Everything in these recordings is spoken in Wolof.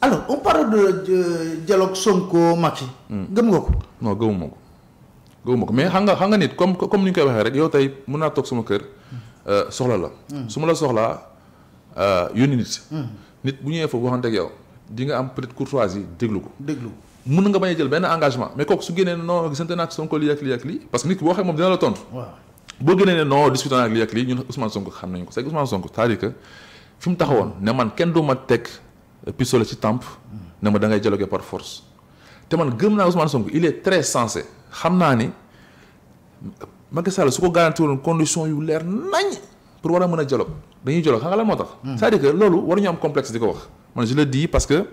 alors on parle de dialogue Sonko Macky. Hmm. gëm nga ko. non gëmuma ko gëmuma ko mais xam nga xam nga nit comme comme ni ñu koy waxee rek yow tey mën naa toog sama kër hmm. euh, soxla la. Hmm. su ma la soxlaa euh, yónni nit. nit bu ñëwee foofu waxante ak yow di nga am peut-être courtoisie déglu ko. déglu mën nga a jël benn engagement mais kooku su génnee non gisante naa ak Sonko lii ak lii parce que nit ki boo waxee moom dina la tontu. boo génnee ne non discuté naa ak lii ak lii ñun Ousmane Sonko xam nañu ko c'est que Ousmane Sonko c'est-à-dire mu taxawoon ne man kenn du ma teg pistolet ci tàmp ne ma da ngay dialoguer par force te man gëm naa Ousmane Sonko il est très sensé xam naa ni Macky Sall su ko garanti condition yu leer nañ pour war a mën a dialogue dañuy dialogue xam nga lan moo tax. Hmm. c'est-à-dire que loolu war ñu am complexe di ko wax man je di dis parce que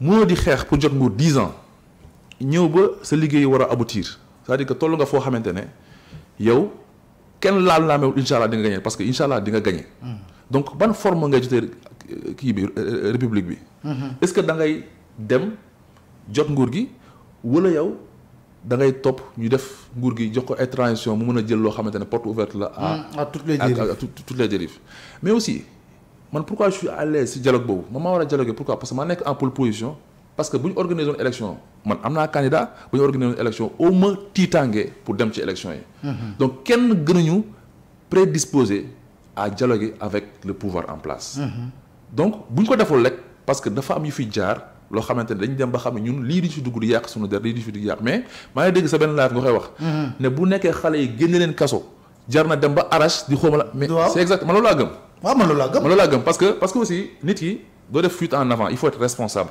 mënoo di xeex pour jot nguur dix ans ñëw ba sa liggéey war a aboutir cest di dire que toll nga foo xamante ne yow kenn laal naa mewul incha allah di nga gagné parce que di nga gagné. Hmm. qui bi euh, euh, république bi. Mhm. est-ce que da ngay dem jot nguur gi wala yow da ngay top ñu def nguur gi jox ko ay transition mu mën jël lo xamantene porte ouverte la. à mm, toutes les dérives mais aussi man pourquoi je suis à l'aise ce dialogue bobu man ma wara a dialoguer pourquoi parce que ma nek en pole position parce que buñ organiser une élection man on candidat buñ organiser une élection au moins tiitaange pour dem ci élection yi. Mhm. donc kenn gënuñu prédisposé à dialoguer avec le pouvoir en place. Mhm donc buñ ko deful rek parce que dafa am yu fi jaar lo xamante dañu dem ba ñun di der di mais ma lay dégg sa ben laaj nga wax. Mm-hmm. ne bu pas xalé yi de leen kaso jar na dem ba mais c'est exact parce que parce que aussi nit def en avant il faut être responsable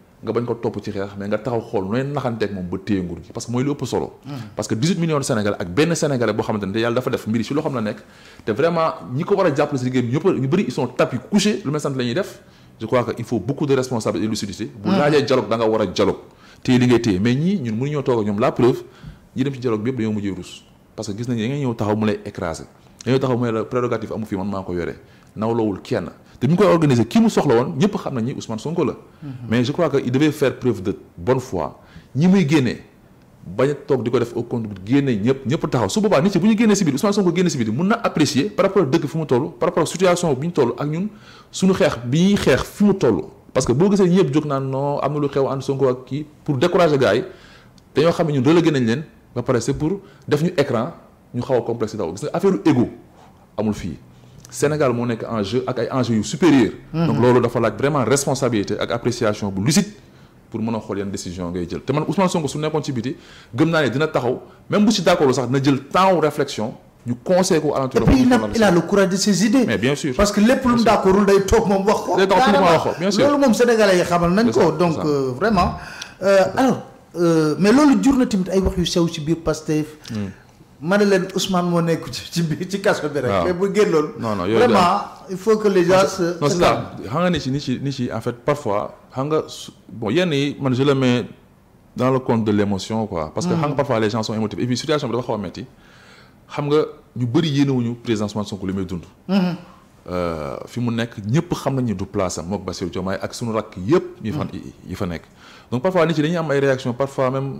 nga bañ ko top ci xeex mais nga taxaw xol xool nooy ak mom ba téye nguur gi parce que moy lu ëpp solo. parce que 18 millions de Sénégalais ak ben Sénégalais bo xamante yalla dafa def mbiri si lo xam la nek té vraiment ñi ko wara japp jàppale si liggéey bi ñu bari ils sont tapis couchés lu mel sant la def je crois que il faut beaucoup de responsabilité et lucidité. bu hmm. laajee dialogue da nga wara dialogue. téye li ngay téye mais ñi ñun mënuñoo toog ak ñoom la preuve ñi dem ci dialogue bëpp dañu mujjé mujjee parce que gis nañu da ngay ñëw taxaw mu lay écraser dañu taxaw mu la prérogative amu fi man mako yoré nawlawul kenn te bi mu organiser ki mu soxla woon ñëpp xam nañ ni Ousmane Sonko la. Mhm. mais je crois que il devait faire preuve de bonne foi ñi muy génnee bañ a toog di ko def au compte génnee ñëpp ñëpp taxaw su boobaa nit ci bu ñu génnee si biir Ousmane Sonko génne si biir mun na apprécier par rapport dëkk fi mu toll par rapport situation bi ñu toll ak ñun suñu xeex bi ñuy xeex mu toll. parce que boo gisee ñëpp jóg naan non am na lu xew ànd Sonko ak kii pour décourager gars yi dañoo xam ne ñun relégué nañ leen ba pare c'est pour def ñu écran ñu xaw a complexe daw gis nga affaire égo amul fii. Sénégal moo nekk en jeu ak ay enjeux yu supérieur mhm. donc loolu dafa laaj vraiment responsabilité ak appréciation bu lucide pour mën xol yene décision ngay jël té man Ousmane Sonko su nekkoon ci biti gëm na ne dina taxaw même bu ci d'accord sax na jël temps réflexion ñu conseil ko alentour. puis il a il a le courage de ses idées. mais bien sûr parce que lépp lu mu d'accordul day tok mom wax ko. day mom wax ko bien sûr loolu moom sénégalais yi xamal nañ ko. donc euh, vraiment euh alors euh mais lolu jur na ay wax yu sew ci biir Pastef. Hmm ma Ousmane moo nekk ci biir ci kaso bi rek. mais bu génn non non vraiment il faut que les gens se. non c'est là xam ni ni ni en fait parfois xam bon yenn man je le mets dans le compte de l'émotion quoi. parce que hmm. xam parfois les gens sont émotifs et puis situation bi dafa xaw metti xam nga ñu bëri wuñu président Ousmane Sonko limay dund hmm. euh fi mu nek ñepp xam nañu du place am mook Bassirou Diomaye ak suñu rak yépp yi fa yi fa nekk donc parfois ni ci dañuy am ay réactions parfois même.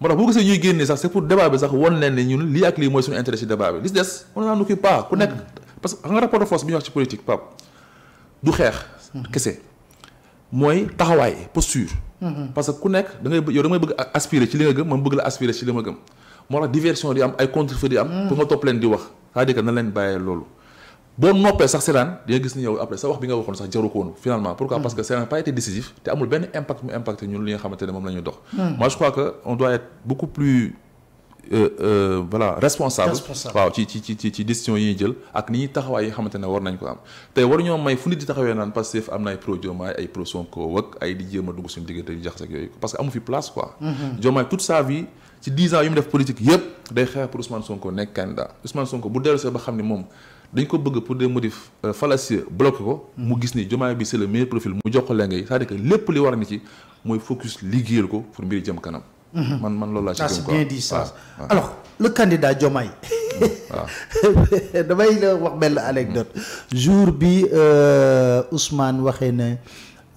moo tax bu gisee ñuy génnee sax c'est pour débat bi sax won leen ne ñun lii ak lii mooy suñu intérêt ci débat bi li ci des on n'en occupe pas ku nekk parce xam nga rapport de force bi ñuy wax ci politique Pape du xeex kese mooy taxawaay posture mhm. parce que ku nekk da ngay yow da bëgg aspirer ci li nga gëm man bëgg la aspirer ci li ma gëm moo tax diversion di am ay contre di am mhm. pour nga topp leen di wax cest à na leen bàyyee loolu boo noppé sax sétane di nga gis ni yow après sa wax bi nga waxoon sax jaru ko finalement pourquoi hmm. parce que ça pas été décisif té amul ben impact mu impacté ñun li nga xamante mom moom dox hmm. moi je crois que on doit être beaucoup plus Euh, euh, voilà responsable waaw ci ci ci ci décision yi ñuy jël ak ni ñuy taxawaay yi nga war nañ ko am té war ñoo may fu nit di taxawee naan que am na ay pro Diomaye ay pro Sonko wëkk ay di jema a dugg suñu diggante di jax ak yoy parce que amu fi place quoi hmm, Diomaye toute sa vie ci dix ans yu mu def politique yëpp day xeex pour Ousmane Sonko nekk candidat Ousmane Sonko bu dellusee ba xam ne moom dañ ko bëgg pour des motifs euh, fallacieux bloqué ko. mu gis ni Diomaye bi c'est le meilleur profil mu jox ko lenge yi c'est-à-dire lépp li war ni ci mooy focus liggéeyal ko pour mbiri jëm kanam. Mhm. man man loolu laa ci gëm quoi bien dit ça alors le candidat Diomaye. damay la wax benn anecdote mhm. jour bi euh, Ousmane waxee ne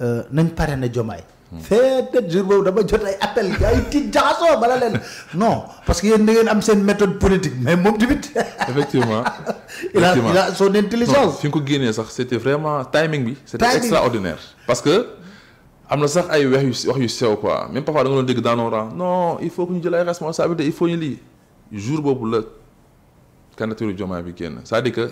euh, nañ pare na Diomaye. feetet jour boobu dama jot ay appel gars yi tiit jaxasoo bala leen non parce que yéen da ngeen am seen méthode politique mais moom tamit. effectivement il a il a intelligence. fi nga ko génnee sax c' était vraiment timing bi. c' était extraordinaire. parce que am na sax ay wax yu wax yu sew quoi même parfois da nga doon dégg dans nos non il faut que ñu jël ay responsabilités il faut ñu lii jour boobu la candidature jomaa bi génn c'est-à-dire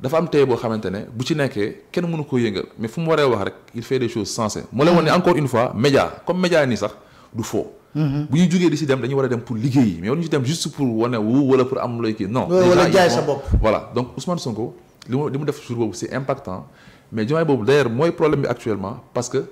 dafa am téye boo xamante ne bu ci nekkee kenn mënu ko yëngal mais fu mu waree wax rek il fait des choses sensées moo lay woon ne encore une fois média comme média ni sax du faux. Mhm. bu ñu jugee di si dem dañu war a dem pour liggéeyi mais war ñu dem juste pour wane wu wala pour am looy kii non. wala jaay sa bopp voilà donc Ousmane Sonko li mu li mu def jour boobu c'est impactant mais jomaay boobu d'ailleurs mooy problème bi actuellement parce que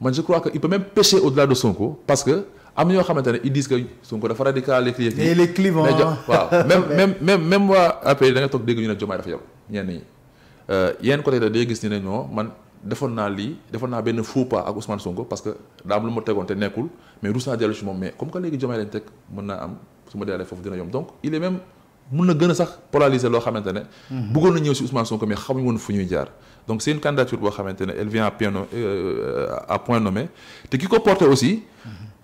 man je crois que il peut même pêcher au-delà de Sonko parce que am ñoo xamante ne ils disent que Sonko dafa radical les clients. les clivants hein. waaw même même même même waa après da nga toog dégg ñu ne Diomaye dafa yow ñenn ñi euh, yenn côté da day gis ni ne ñoo man defoon naa lii defoon naa benn faux pas ak Ousmane Sonko parce que daa am lu ma tegoon te nekkul mais Roussa naa dellu moom mais comme que léegi Diomaye lañ teg mën naa am su ma dellee foofu dina yomb donc il est même mun na gën a sax polariser loo xamante ne. bëggoon na ñëw si Ousmane Sonko mais xamuñ woon fu ñuy jaar. donc c' est une candidature boo xamante ne elle vient à point euh, à point nommé te ki ko porté aussi.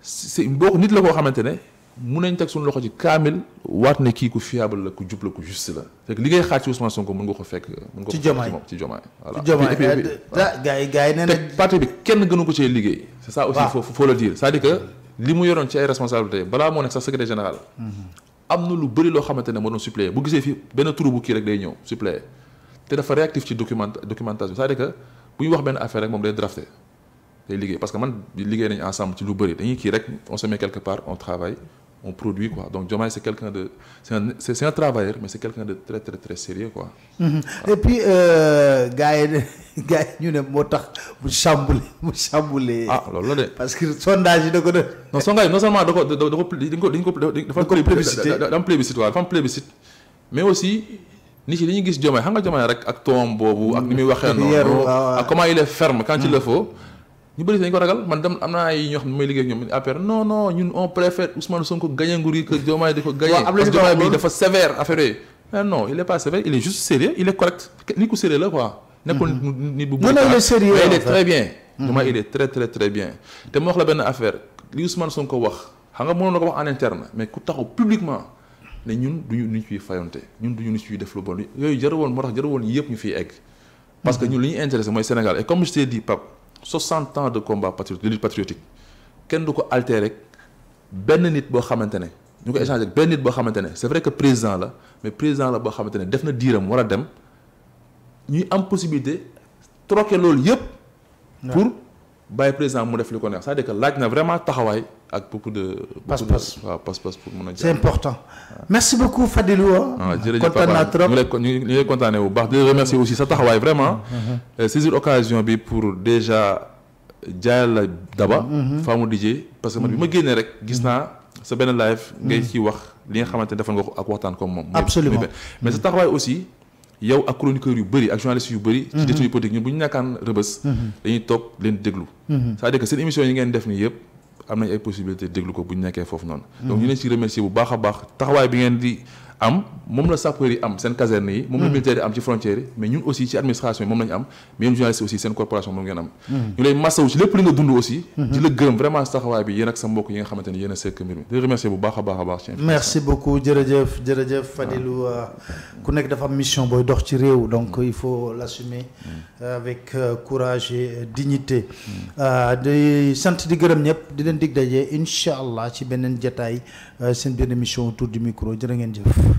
c' est boo nit la koo xamante ne mun nañ teg suñu loxo ci kaamil waat ne kii ku fiable la ku jub la ku juste la fekk li ngay xaar ci Ousmane Sonko mën nga ko fekk. mun nga ko ci Diomaye ci Diomaye. voilà et puis et euh, gars yi gars yi nee na parti bi kenn gënu ko cee liggéey. c' est ça aussi faut faut le dire c' est à dire que li mu yoroon ci ay responsabilités balaa moo nekk sax secrétaire général. Mm-hmm amna lu bëri lo xamantene mo do doon suppléer bu gisee fi ben turu bu kii rek day ñew suppléer té dafa réactif ci document documentation c'est-à-dire que bu ñu wax ben affaire rek mom day drafté day liggé parce que man liggé nañ ensemble ci lu bëri dañuy ki rek on se met quelque part on travaille on produit quoi. Donc Djomaye c'est quelqu'un de c'est un, un, travailleur mais c'est quelqu'un de très très très sérieux quoi. Mmh. Et puis euh, gars yi gars ñu ne motax tax mu chamboulé mu ah loolu la parce que sondage da ko de. non sondage non seulement da ko da ko dañ ko dañ ko dafa plébiscité da am plébiscite waaw dafa am plébiscite mais aussi nit yi dañuy gis Diomaye xam nga Diomaye rek ak toom bobu ak ni muy waxé non. ak comment il est ferme quand il le faut ñu bëri dañ ko ragal man dem am naa ay ñoo xam ne may liggéey ak ñoom après non non ñun on préfère Ousmane Sonko gagné nguur gi que Diomaye di ko gagné parce que Diomaye bi dafa sévère affaire yooyu mais non il est pas sévère il est juste sérieux il est correct nit ku sérieux la quoi nekkul mhm. nit bu non non il est sérieux il est très bien mhm. Diomaye il est très très très bien te ma wax la benn affaire li Ousmane Sonko wax xam nga mënoon na ko wax en interne mais ku taxaw publiquement ne ñun duñu ñu ciy fayonte ñun duñu ñu ciy def lu bon yooyu jëru woon moo tax jëru woon yëpp ñu fiy egg parce que ñun li ñu intéressé mooy Sénégal et comme je t'ai dit Pape 60 ans de combat patriotique de lutte patriotique kenn du altéré nit bo xamante ne ñu ko nit bo xamante c'est vrai que président là, mais président là bo xamante def na diram wara dem ñuy am possibilité troquer lool yépp pour bay président mu def li ko neex c'est-à-dire que laaj na vraiment taxaway avec beaucoup de passe-passe waaw passe-passe pour mun a. c'est important merci beaucoup Fadilou. waaw hein. ah, jërëjëf kontaan naa trop ñu ngi ñu ngi kontaanee remercier aussi sa taxawaay vraiment. Mm-hmm. Mm-hmm. Euh, saisir l'occasion bi pour déjà jaayal daba. Mm-hmm. Famou DJ parce que man bi ma génnee rek gis naa sa live. ngay ciy wax li nga xamante ne defal nga ko ak waxtaan comme moi. absolument mais sa taxawaay aussi. yow ak chroniqueur yu bëri ak journaliste yu bëri. ci détenu politique ñun bu ñu ñàkkaan rëbës. dañuy toog leen déglu. c'est-à-dire que cette émission yi ngeen def nii yëpp am ay possibilité déglu ko bu ñu nekkee foofu noonu. donc ñu leen si remercier bu baax a baax taxawaay bi ngeen di am mom la sapeur yi am sen caserne yi mom la hmm. militaire am ci frontière mais ñun aussi ci administration mom lañ am mais yéen journaliste aussi sen corporation mom ngeen am hmm. ñu lay massawu ci lepp li nga dund aussi hmm. di le gërem vraiment taxawaay bi yéen ak sa mbokk yi nga xamanteni ni yéen sekk mbir mi de remercier bu baax a baax a ci merci beaucoup jërëjëf jërëjëf Fadilou euh, ku nekk dafa am mission boy dox ci réew donc il faut l'assumer euh, avec euh, courage et dignité de sant di gërem ñep di leen dig dajé inshallah ci benen jataay sen benn émission autour du micro jërë ngeen jëf